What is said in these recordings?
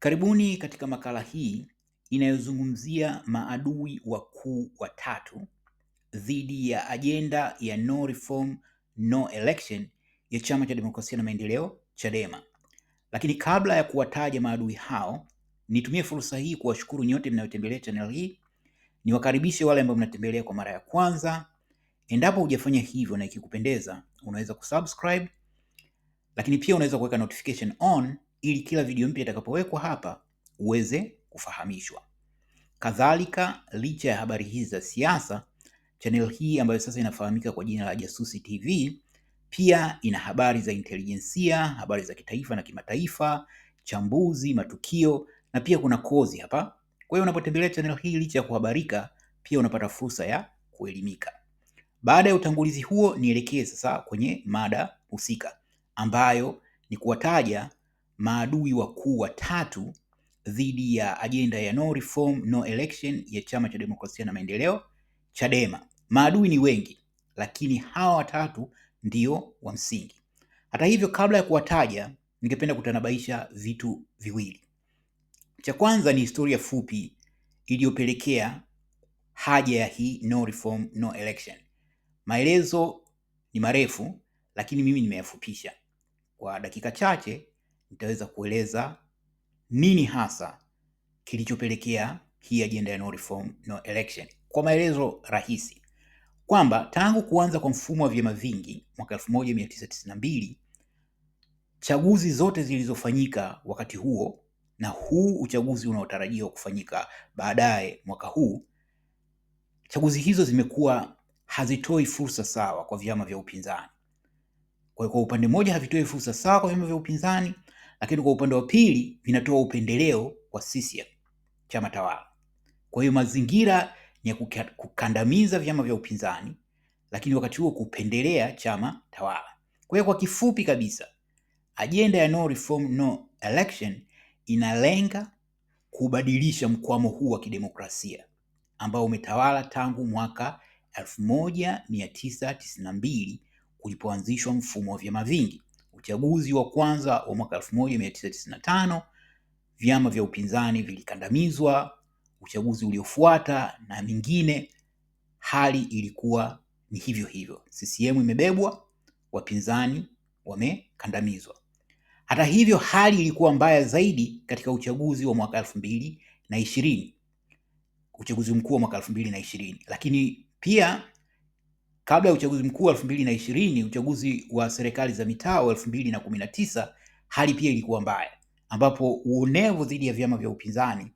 Karibuni katika makala hii inayozungumzia maadui wakuu watatu dhidi ya ajenda ya no reform, no election ya Chama cha Demokrasia na Maendeleo Chadema. Lakini kabla ya kuwataja maadui hao, nitumie fursa hii kuwashukuru nyote mnayotembelea channel hii. Niwakaribishe wale ambao mnatembelea kwa mara ya kwanza. Endapo hujafanya hivyo na ikikupendeza, unaweza kusubscribe, lakini pia unaweza kuweka notification on ili kila video mpya itakapowekwa hapa uweze kufahamishwa. Kadhalika, licha ya habari hizi za siasa, channel hii ambayo sasa inafahamika kwa jina la Jasusi TV pia ina habari za intelijensia, habari za kitaifa na kimataifa, chambuzi, matukio na pia kuna kozi hapa. Kwa hiyo unapotembelea channel hii, licha ya kuhabarika, pia unapata fursa ya kuelimika. Baada ya utangulizi huo, nielekee sasa kwenye mada husika ambayo ni kuwataja maadui wakuu watatu dhidi ya ajenda ya no reform, no election ya Chama cha Demokrasia na Maendeleo Chadema. Maadui ni wengi, lakini hawa watatu ndio wa msingi. Hata hivyo, kabla ya kuwataja, ningependa kutanabaisha vitu viwili. Cha kwanza ni historia fupi iliyopelekea haja ya hii no reform, no election. Maelezo ni marefu, lakini mimi nimeyafupisha kwa dakika chache nitaweza kueleza nini hasa kilichopelekea hii ajenda ya no reform no election kwa maelezo rahisi kwamba tangu kuanza kwa mfumo wa vyama vingi mwaka 1992 chaguzi zote zilizofanyika wakati huo na huu uchaguzi unaotarajiwa kufanyika baadaye mwaka huu, chaguzi hizo zimekuwa hazitoi fursa sawa kwa vyama vya upinzani. Kwa hiyo, kwa upande mmoja havitoi fursa sawa kwa vyama vya upinzani, lakini kwa upande wa pili vinatoa upendeleo kwa CCM, chama tawala. Kwa hiyo mazingira ni ya kukandamiza vyama vya upinzani, lakini wakati huo kupendelea chama tawala. Kwa hiyo kwa kifupi kabisa, ajenda ya no reform no election inalenga kubadilisha mkwamo huu wa kidemokrasia ambao umetawala tangu mwaka 1992 kulipoanzishwa mfumo wa vyama vingi uchaguzi wa kwanza wa mwaka 1995 vyama vya upinzani vilikandamizwa. Uchaguzi uliofuata na mingine, hali ilikuwa ni hivyo hivyo. CCM imebebwa, wapinzani wamekandamizwa. Hata hivyo, hali ilikuwa mbaya zaidi katika uchaguzi wa mwaka elfu mbili na ishirini uchaguzi mkuu wa mwaka elfu mbili na ishirini lakini pia Kabla ya uchaguzi mkuu wa elfu mbili na ishirini, uchaguzi wa serikali za mitaa wa elfu mbili na kumi na tisa, hali pia ilikuwa mbaya, ambapo uonevu dhidi ya vyama vya upinzani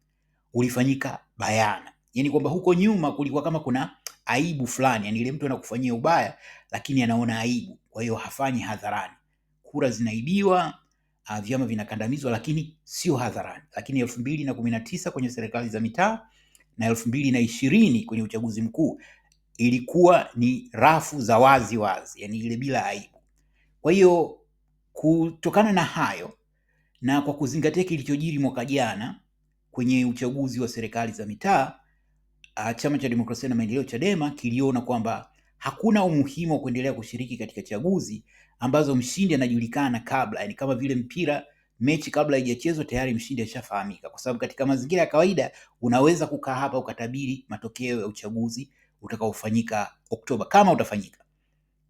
ulifanyika bayana, yaani kwamba huko nyuma kulikuwa kama kuna aibu fulani, yani ile mtu anakufanyia ubaya lakini anaona aibu, kwa hiyo hafanyi hadharani. Kura zinaibiwa, ah, vyama vinakandamizwa, lakini sio hadharani. Lakini elfu mbili na kumi na tisa kwenye serikali za mitaa na elfu mbili na ishirini kwenye uchaguzi mkuu ilikuwa ni rafu za wazi wazi, yani ile bila aibu. Kwa hiyo kutokana na hayo na kwa kuzingatia kilichojiri mwaka jana kwenye uchaguzi wa serikali za mitaa, ah, Chama cha Demokrasia na Maendeleo Chadema kiliona kwamba hakuna umuhimu wa kuendelea kushiriki katika chaguzi ambazo mshindi anajulikana kabla, yani kama vile mpira mechi kabla haijachezwa tayari mshindi ashafahamika, kwa sababu katika mazingira ya kawaida unaweza kukaa hapa ukatabiri matokeo ya uchaguzi utakaofanyika Oktoba, kama utafanyika,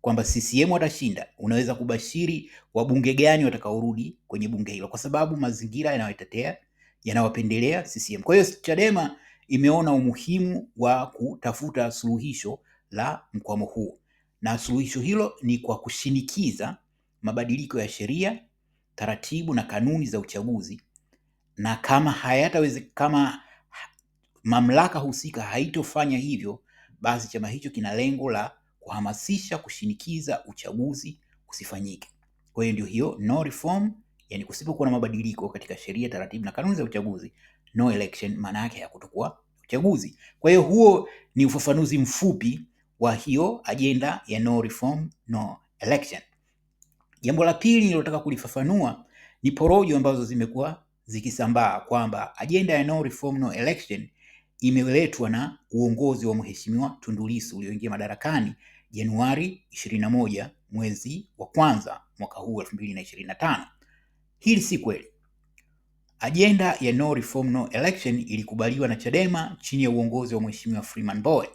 kwamba CCM watashinda, unaweza kubashiri wabunge gani watakaorudi kwenye bunge hilo, kwa sababu mazingira yanayotetea yanawapendelea CCM. Kwa hiyo Chadema imeona umuhimu wa kutafuta suluhisho la mkwamo huo, na suluhisho hilo ni kwa kushinikiza mabadiliko ya sheria, taratibu na kanuni za uchaguzi, na kama hayataweze, kama mamlaka husika haitofanya hivyo, basi chama hicho kina lengo la kuhamasisha, kushinikiza uchaguzi usifanyike. Kwa hiyo ndio hiyo no reform, yani kusipokuwa na mabadiliko katika sheria, taratibu na kanuni za uchaguzi, no election maana yake kutokuwa uchaguzi. Kwa hiyo huo ni ufafanuzi mfupi wa hiyo ajenda ya no reform, no election. Jambo la pili nilotaka kulifafanua ni porojo ambazo zimekuwa zikisambaa kwamba ajenda ya no reform, no election imeletwa na uongozi wa Mheshimiwa Tundu Lissu ulioingia madarakani Januari 21 mwezi wa kwanza mwaka huu 2025. Hili si kweli. Ajenda ya no reform no election ilikubaliwa na Chadema chini ya uongozi wa Mheshimiwa Freeman Mbowe.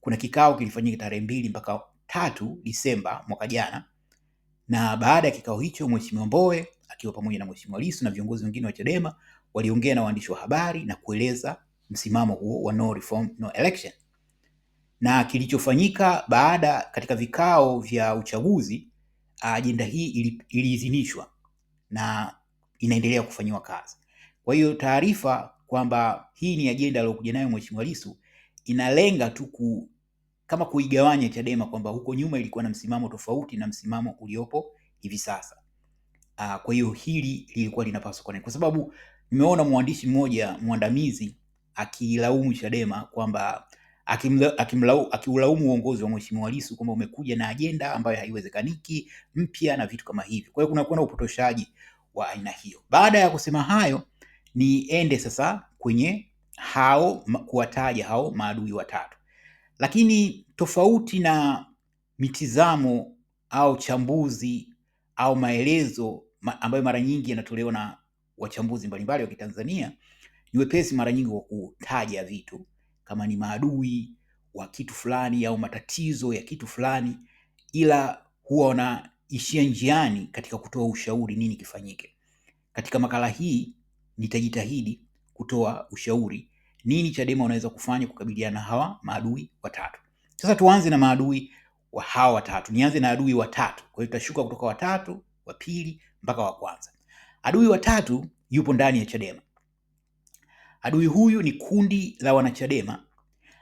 Kuna kikao kilifanyika tarehe mbili mpaka tatu Disemba mwaka jana, na baada ya kikao hicho Mheshimiwa Mbowe akiwa pamoja na Mheshimiwa Lissu na viongozi wengine wa Chadema waliongea na waandishi wa habari na kueleza msimamo huo wa no reform, no election. Na kilichofanyika baada katika vikao vya uchaguzi, ajenda hii iliidhinishwa na inaendelea kufanyiwa kazi. Kwa hiyo taarifa kwamba hii ni ajenda aliyokuja nayo Mheshimiwa Lissu inalenga tu ku, kama kuigawanya Chadema kwamba huko nyuma ilikuwa na msimamo tofauti na msimamo uliopo hivi sasa. Aa, kwa hiyo hili lilikuwa linapaswa kwa, kwa sababu nimeona mwandishi mmoja mwandamizi akilaumu Chadema kwamba akiulaumu uongozi wa Mheshimiwa Lissu kwamba umekuja na ajenda ambayo haiwezekaniki mpya na vitu kama hivyo. Kwa hiyo kuna upotoshaji wa aina hiyo. Baada ya kusema hayo, niende sasa kwenye hao kuwataja hao maadui watatu, lakini tofauti na mitizamo au chambuzi au maelezo ambayo mara nyingi yanatolewa na wachambuzi mbalimbali wa Kitanzania ni wepesi mara nyingi wa kutaja vitu kama ni maadui wa kitu fulani au matatizo ya kitu fulani, ila huwa wanaishia njiani katika kutoa ushauri nini kifanyike. Katika makala hii nitajitahidi kutoa ushauri nini Chadema unaweza kufanya kukabiliana na hawa maadui watatu. Sasa tuanze na maadui wa hawa watatu, nianze na adui watatu. Kwa hiyo tutashuka kutoka watatu wa pili mpaka wa kwanza. Adui watatu yupo ndani ya Chadema. Adui huyu ni kundi la wanachadema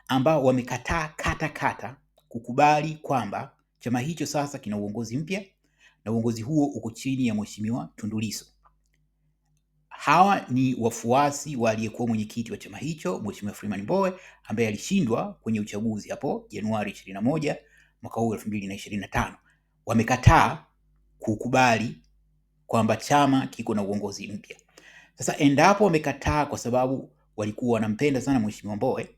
ambao wamekataa kata kata kukubali kwamba chama hicho sasa kina uongozi mpya na uongozi huo uko chini ya Mheshimiwa Tundu Lissu. Hawa ni wafuasi wa aliyekuwa mwenyekiti wa chama hicho Mheshimiwa Freeman Mbowe ambaye alishindwa kwenye uchaguzi hapo Januari 21 mwaka huu 2025. Wamekataa kukubali kwamba chama kiko na uongozi mpya. Sasa endapo wamekataa kwa sababu walikuwa wanampenda sana Mheshimiwa Mbowe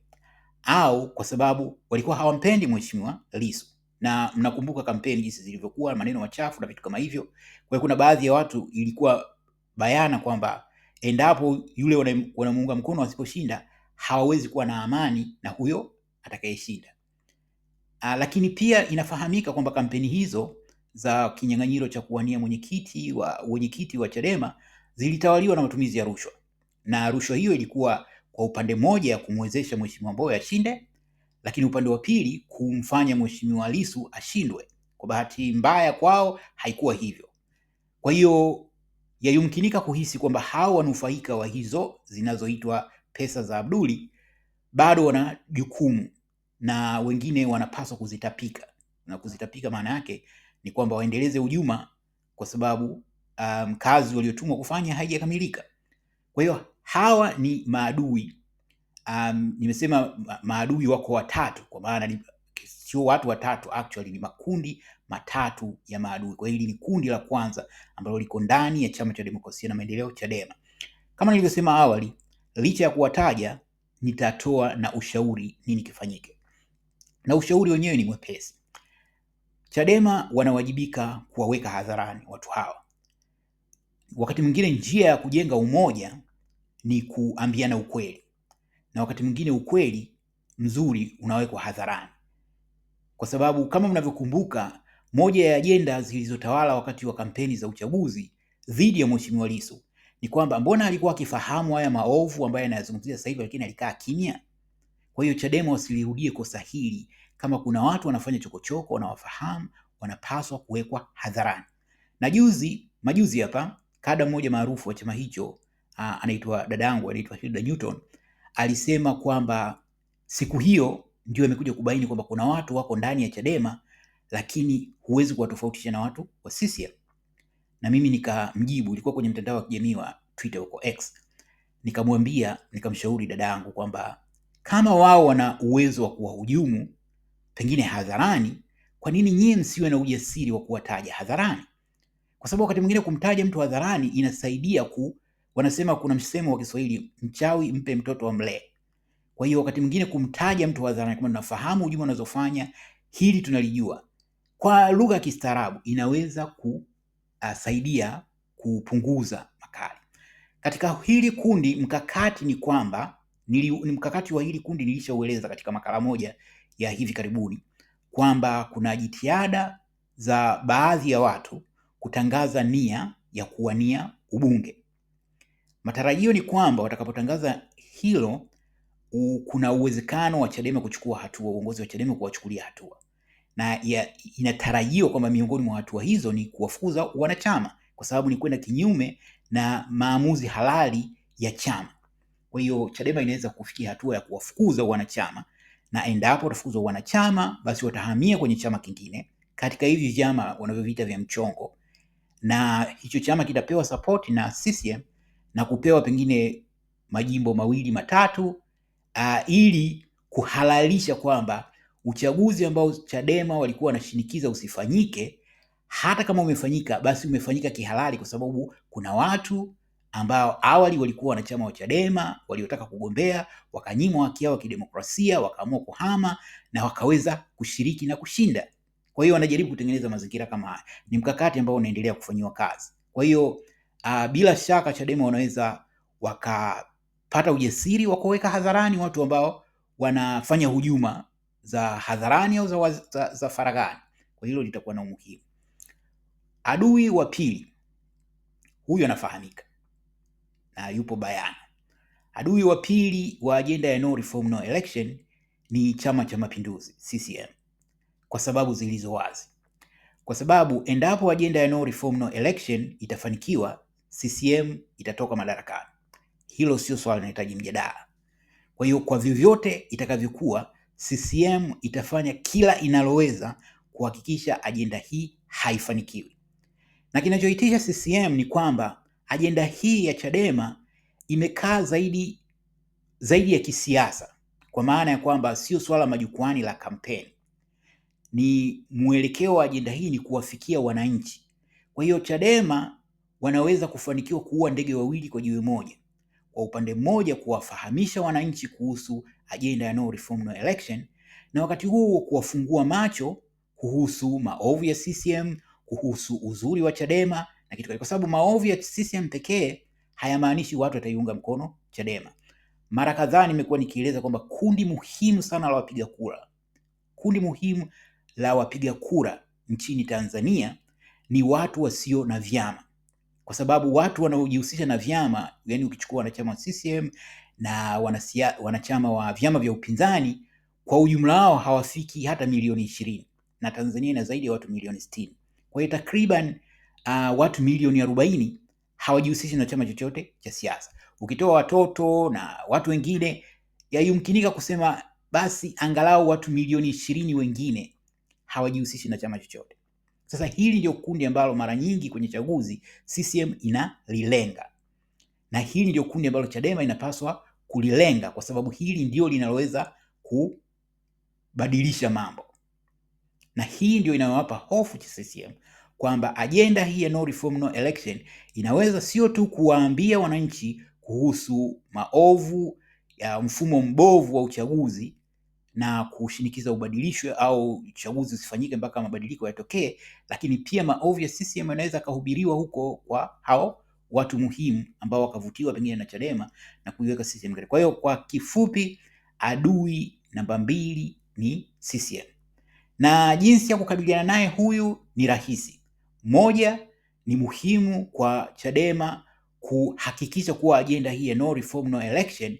au kwa sababu walikuwa hawampendi Mheshimiwa Lissu, na mnakumbuka kampeni jinsi zilivyokuwa, maneno machafu na vitu kama hivyo. Kwa hiyo kuna baadhi ya watu ilikuwa bayana kwamba endapo yule wanamuunga mkono asiposhinda hawawezi kuwa na amani na huyo atakayeshinda. Ah, lakini pia inafahamika kwamba kampeni hizo za kinyang'anyiro cha kuwania mwenyekiti wa, mwenyekiti wa Chadema zilitawaliwa na matumizi ya rushwa, na rushwa hiyo ilikuwa kwa upande mmoja ya kumwezesha mheshimiwa Mbowe ashinde, lakini upande wa pili kumfanya mheshimiwa Lissu ashindwe. Kwa bahati mbaya kwao haikuwa hivyo. Kwa hiyo yayumkinika kuhisi kwamba hao wanufaika wa hizo zinazoitwa pesa za Abduli bado wana jukumu na wengine wanapaswa kuzitapika, na kuzitapika maana yake ni kwamba waendeleze ujuma kwa sababu um, kazi waliotumwa kufanya haijakamilika. Kwa hiyo hawa ni maadui um, nimesema maadui wako watatu, kwa maana sio watu watatu, actually ni makundi matatu ya maadui. Kwa hiyo hili ni kundi la kwanza ambalo liko ndani ya chama cha demokrasia na maendeleo Chadema. Kama nilivyosema awali, licha ya kuwataja, nitatoa na ushauri nini kifanyike, na ushauri wenyewe ni mwepesi. Chadema wanawajibika kuwaweka hadharani watu hawa wakati mwingine njia ya kujenga umoja ni kuambiana ukweli, na wakati mwingine ukweli mzuri unawekwa hadharani, kwa sababu kama mnavyokumbuka, moja ya ajenda zilizotawala wakati wa kampeni za uchaguzi dhidi ya Mheshimiwa Lissu ni kwamba mbona alikuwa akifahamu haya maovu ambayo anayazungumzia sasa hivi, lakini alikaa kimya. Kwa hiyo Chadema wasilirudie kosa hili. Kama kuna watu wanafanya chokochoko, wanawafahamu, wanapaswa kuwekwa hadharani. Na juzi majuzi hapa kada mmoja maarufu wa chama hicho anaitwa dadangu, anaitwa Hilda Newton, alisema kwamba siku hiyo ndio imekuja kubaini kwamba kuna watu wako ndani ya Chadema lakini huwezi kuwatofautisha na watu wa CCM. Na mimi nikamjibu, ilikuwa kwenye mtandao wa kijamii wa Twitter huko X, nikamwambia, nikamshauri dadangu kwamba kama wao wana uwezo wa kuwahujumu pengine hadharani, kwa nini nyie msiwe na ujasiri wa kuwataja hadharani? kwa sababu wakati mwingine kumtaja mtu hadharani inasaidia ku, wanasema kuna msemo wa Kiswahili mchawi mpe mtoto mlee. Kwa hiyo wakati mwingine kumtaja mtu hadharani, kama tunafahamu ujumbe unazofanya, hili tunalijua, kwa lugha ya kistaarabu inaweza kusaidia ah, kupunguza makali katika hili kundi. Mkakati ni kwamba ni mkakati wa hili kundi nilishaueleza katika makala moja ya hivi karibuni kwamba kuna jitihada za baadhi ya watu kutangaza nia ya kuwania ubunge. Matarajio ni kwamba watakapotangaza hilo u, kuna uwezekano wa Chadema kuchukua hatua, uongozi wa Chadema kuwachukulia hatua, na inatarajiwa kwamba miongoni mwa hatua hizo ni kuwafukuza wanachama, kwa sababu ni kwenda kinyume na maamuzi halali ya chama. Kwa hiyo Chadema inaweza kufikia hatua ya kuwafukuza wanachama, na endapo watafukuzwa wanachama, basi watahamia kwenye chama kingine katika hivi vyama wanavyoviita vya mchongo na hicho chama kitapewa support na CCM na kupewa pengine majimbo mawili matatu, uh, ili kuhalalisha kwamba uchaguzi ambao Chadema walikuwa wanashinikiza usifanyike, hata kama umefanyika basi umefanyika kihalali, kwa sababu kuna watu ambao awali walikuwa wanachama wa Chadema waliotaka kugombea wakanyimwa haki yao kidemokrasia, wakaamua kuhama na wakaweza kushiriki na kushinda. Kwa hiyo wanajaribu kutengeneza mazingira kama haya, ni mkakati ambao unaendelea kufanyiwa kazi. Kwa hiyo uh, bila shaka Chadema wanaweza wakapata ujasiri wa kuweka hadharani watu ambao wanafanya hujuma za hadharani au za, za, za faragani. Kwa hilo litakuwa na umuhimu. Adui wa pili huyu anafahamika na yupo bayana. Adui wa pili wa ajenda ya no reform no election ni Chama cha Mapinduzi CCM kwa sababu zilizo wazi, kwa sababu endapo ajenda ya no reform no election itafanikiwa, CCM itatoka madarakani. Hilo sio swala linahitaji mjadala. Kwa hiyo, kwa vyovyote itakavyokuwa, CCM itafanya kila inaloweza kuhakikisha ajenda hii haifanikiwi, na kinachoitisha CCM ni kwamba ajenda hii ya Chadema imekaa zaidi zaidi ya kisiasa, kwa maana ya kwamba sio swala majukwani la kampeni, ni mwelekeo wa ajenda hii ni kuwafikia wananchi. Kwa hiyo Chadema wanaweza kufanikiwa kuua ndege wawili kwa jiwe moja, kwa upande mmoja kuwafahamisha wananchi kuhusu ajenda ya no reform no election, na wakati huo kuwafungua macho kuhusu maovu ya CCM, kuhusu uzuri wa Chadema na kitu, kwa sababu maovu ya CCM pekee hayamaanishi watu wataiunga mkono Chadema. Mara kadhaa nimekuwa nikieleza kwamba kundi muhimu sana la wapiga kura, kundi muhimu la wapiga kura nchini Tanzania ni watu wasio na vyama, kwa sababu watu wanaojihusisha na vyama, yani ukichukua wanachama wa CCM na wanasia, wanachama wa vyama vya upinzani kwa ujumla wao hawafiki hata milioni ishirini na Tanzania ina zaidi ya watu milioni sitini. Kwa hiyo takriban uh, watu milioni arobaini hawajihusishi na chama chochote cha siasa. Ukitoa watoto na watu wengine, yayumkinika kusema basi angalau watu milioni ishirini wengine hawajihusishi na chama chochote. Sasa hili ndio kundi ambalo mara nyingi kwenye chaguzi CCM inalilenga, na hili ndio kundi ambalo Chadema inapaswa kulilenga, kwa sababu hili ndio linaloweza kubadilisha mambo, na hii ndio inayowapa hofu cha CCM kwamba ajenda hii ya no reform no election inaweza sio tu kuwaambia wananchi kuhusu maovu ya mfumo mbovu wa uchaguzi na kushinikiza ubadilishwe au chaguzi usifanyike mpaka mabadiliko yatokee, lakini pia maovu ya CCM yanaweza akahubiriwa huko kwa hao watu muhimu ambao wakavutiwa pengine na Chadema na kuiweka CCM. Kwa hiyo kwa kifupi, adui namba mbili ni CCM, na jinsi ya kukabiliana naye huyu ni rahisi. Moja, ni muhimu kwa Chadema kuhakikisha kuwa ajenda hii ya no reform no election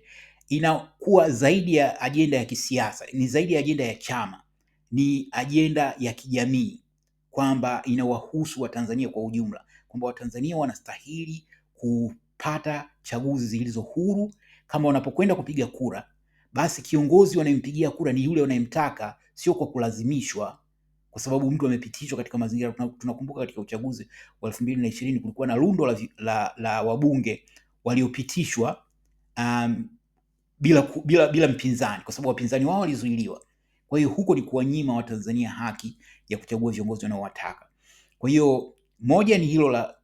inakuwa zaidi ya ajenda ya kisiasa, ni zaidi ya ajenda ya chama, ni ajenda ya kijamii, kwamba inawahusu Watanzania kwa ujumla, kwamba Watanzania wanastahili kupata chaguzi zilizo huru. Kama wanapokwenda kupiga kura, basi kiongozi wanayempigia kura ni yule wanayemtaka, sio kwa kulazimishwa kwa sababu mtu amepitishwa katika mazingira. Tunakumbuka katika uchaguzi wa elfu mbili na ishirini kulikuwa na lundo la, la, la wabunge waliopitishwa um, bila, bila, bila mpinzani kwa sababu wapinzani wao walizuiliwa. Kwa hiyo huko ni kuwanyima Watanzania haki ya kuchagua viongozi wanaowataka. Kwa hiyo moja ni hilo la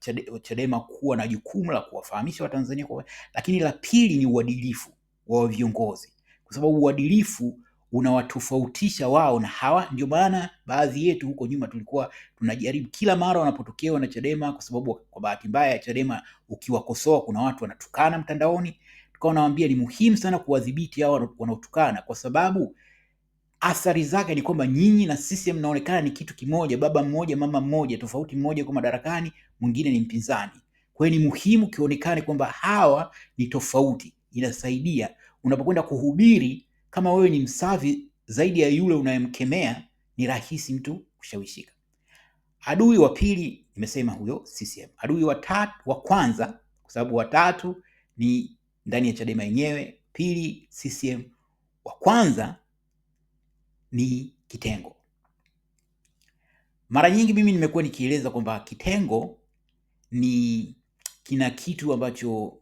Chadema kuwa na jukumu la kuwafahamisha Watanzania kwa, lakini la pili ni uadilifu wa viongozi, kwa sababu uadilifu unawatofautisha wao na hawa. Ndio maana baadhi yetu huko nyuma tulikuwa tunajaribu kila mara wanapotokea na Chadema, kwa sababu kwa bahati mbaya ya Chadema ukiwakosoa kuna watu wanatukana mtandaoni, tukawa ni muhimu sana kuwadhibiti hao wanaotukana, kwa sababu athari zake ni kwamba nyinyi na sisi mnaonekana ni kitu kimoja, baba mmoja, mama mmoja, tofauti mmoja kwa madarakani, mwingine ni mpinzani. Kwa hiyo ni muhimu kionekane kwamba hawa ni tofauti. Inasaidia unapokwenda kuhubiri, kama wewe ni msafi zaidi ya yule unayemkemea, ni rahisi mtu kushawishika. Adui wa pili nimesema huyo CCM. Adui wa tatu, wa kwanza, kwa sababu watatu ni ndani ya Chadema yenyewe. Pili, CCM wa kwanza ni kitengo. Mara nyingi mimi nimekuwa nikieleza kwamba kitengo ni kina kitu ambacho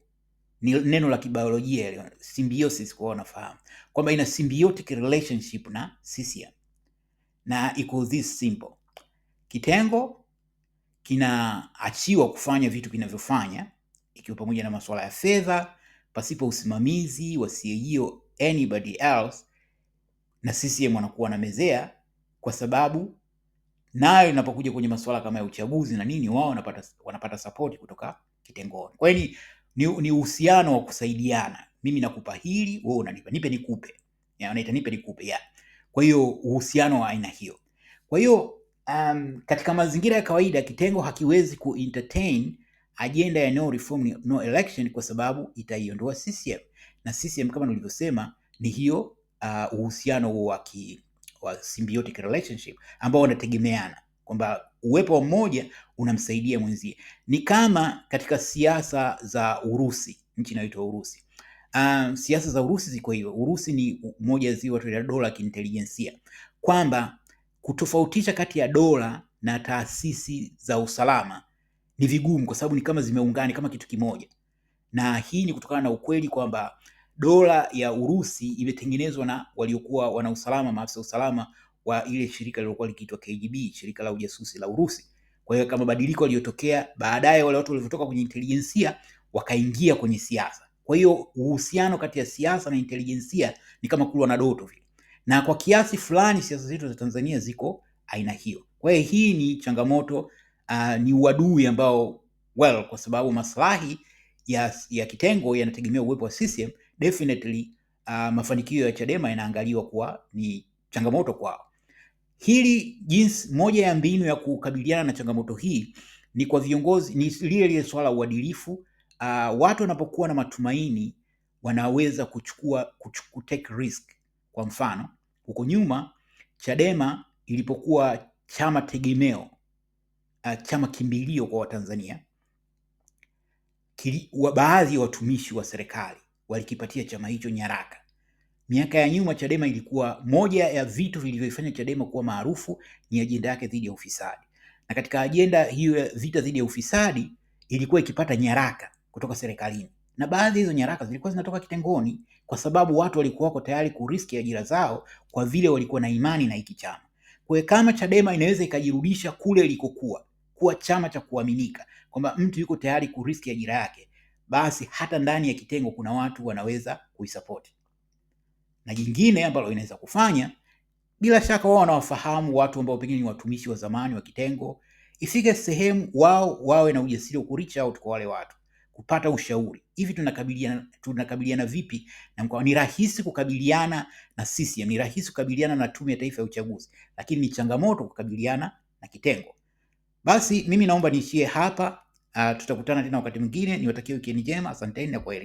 ni neno la kibiolojia symbiosis, kwa wanafahamu kwamba ina symbiotic relationship na CCM na iko this simple. Kitengo kinaachiwa kufanya vitu kinavyofanya ikiwa pamoja na masuala ya fedha, pasipo usimamizi wa CEO anybody else, na CCM wanakuwa mezea, kwa sababu nayo inapokuja kwenye masuala kama ya uchaguzi na nini, wao wanapata wanapata support kutoka kitengoni. Kwa hiyo ni ni uhusiano wa kusaidiana, mimi nakupa hili, wewe unanipa nipe nikupe, ya unaita nipe nikupe ya. Kwa hiyo uhusiano wa aina hiyo. Kwa hiyo um, katika mazingira ya kawaida kitengo hakiwezi ku entertain ajenda ya no reform ni no election, kwa sababu itaiondoa CCM na CCM kama nilivyosema ni hiyo uh, uhusiano huo wa wa symbiotic relationship ambao wanategemeana kwamba uwepo wa mmoja unamsaidia mwenzie. Ni kama katika siasa za Urusi, nchi inayoitwa Urusi. Um, siasa za Urusi ziko hivyo. Urusi ni moja zi watu ya dola kiintelijensia, kwamba kutofautisha kati ya dola na taasisi za usalama ni vigumu kwa sababu ni kama zimeungana kama kitu kimoja, na hii ni kutokana na ukweli kwamba dola ya Urusi imetengenezwa na waliokuwa wana usalama, maafisa usalama wa ile shirika lilokuwa likiitwa KGB, shirika la ujasusi la Urusi. Kwa hiyo kama mabadiliko yaliyotokea baadaye, wale watu walivyotoka kwenye intelijensia wakaingia kwenye siasa. Kwa hiyo uhusiano kati ya siasa na intelijensia ni kama kulwa na doto vile, na kwa kiasi fulani siasa zetu za Tanzania ziko aina hiyo. Kwa hiyo hii ni changamoto uh, ni uadui ambao well, kwa sababu maslahi ya, ya kitengo yanategemea uwepo wa CCM definitely, uh, mafanikio ya Chadema yanaangaliwa kuwa ni changamoto kwao. Hili jinsi moja ya mbinu ya kukabiliana na changamoto hii ni kwa viongozi, ni lile lile swala uadilifu. Uh, watu wanapokuwa na matumaini wanaweza kuchukua kuchuku, take risk. Kwa mfano huko nyuma Chadema ilipokuwa chama tegemeo uh, chama kimbilio kwa Watanzania. Wa baadhi ya watumishi wa serikali walikipatia chama hicho nyaraka. Miaka ya nyuma, Chadema ilikuwa moja ya vitu vilivyoifanya Chadema kuwa maarufu ni ajenda yake dhidi ya ufisadi, na katika ajenda hiyo ya vita dhidi ya ufisadi ilikuwa ikipata nyaraka kutoka serikalini, na baadhi hizo nyaraka zilikuwa zinatoka kitengoni, kwa sababu watu walikuwa wako tayari kuriski ajira zao kwa vile walikuwa na imani na hiki chama. Kwa kama Chadema inaweza ikajirudisha kule ilikokuwa kuwa chama cha kuaminika, kwamba mtu yuko tayari kuriski ajira ya yake, basi hata ndani ya kitengo kuna watu wanaweza kuisapoti. Na jingine ambalo inaweza kufanya, bila shaka wao wanawafahamu watu ambao pengine ni watumishi wa zamani wa kitengo, ifike sehemu wao wawe na ujasiri wa kuricha out kwa wale watu kupata ushauri, hivi tunakabiliana tunakabiliana vipi na mkoa? Ni rahisi kukabiliana na CCM, ni rahisi kukabiliana na Tume ya Taifa ya Uchaguzi, lakini ni changamoto kukabiliana na kitengo. Basi mimi naomba niishie hapa. Uh, tutakutana tena wakati mwingine. Niwatakie wikendi njema, asanteni na kwaheri.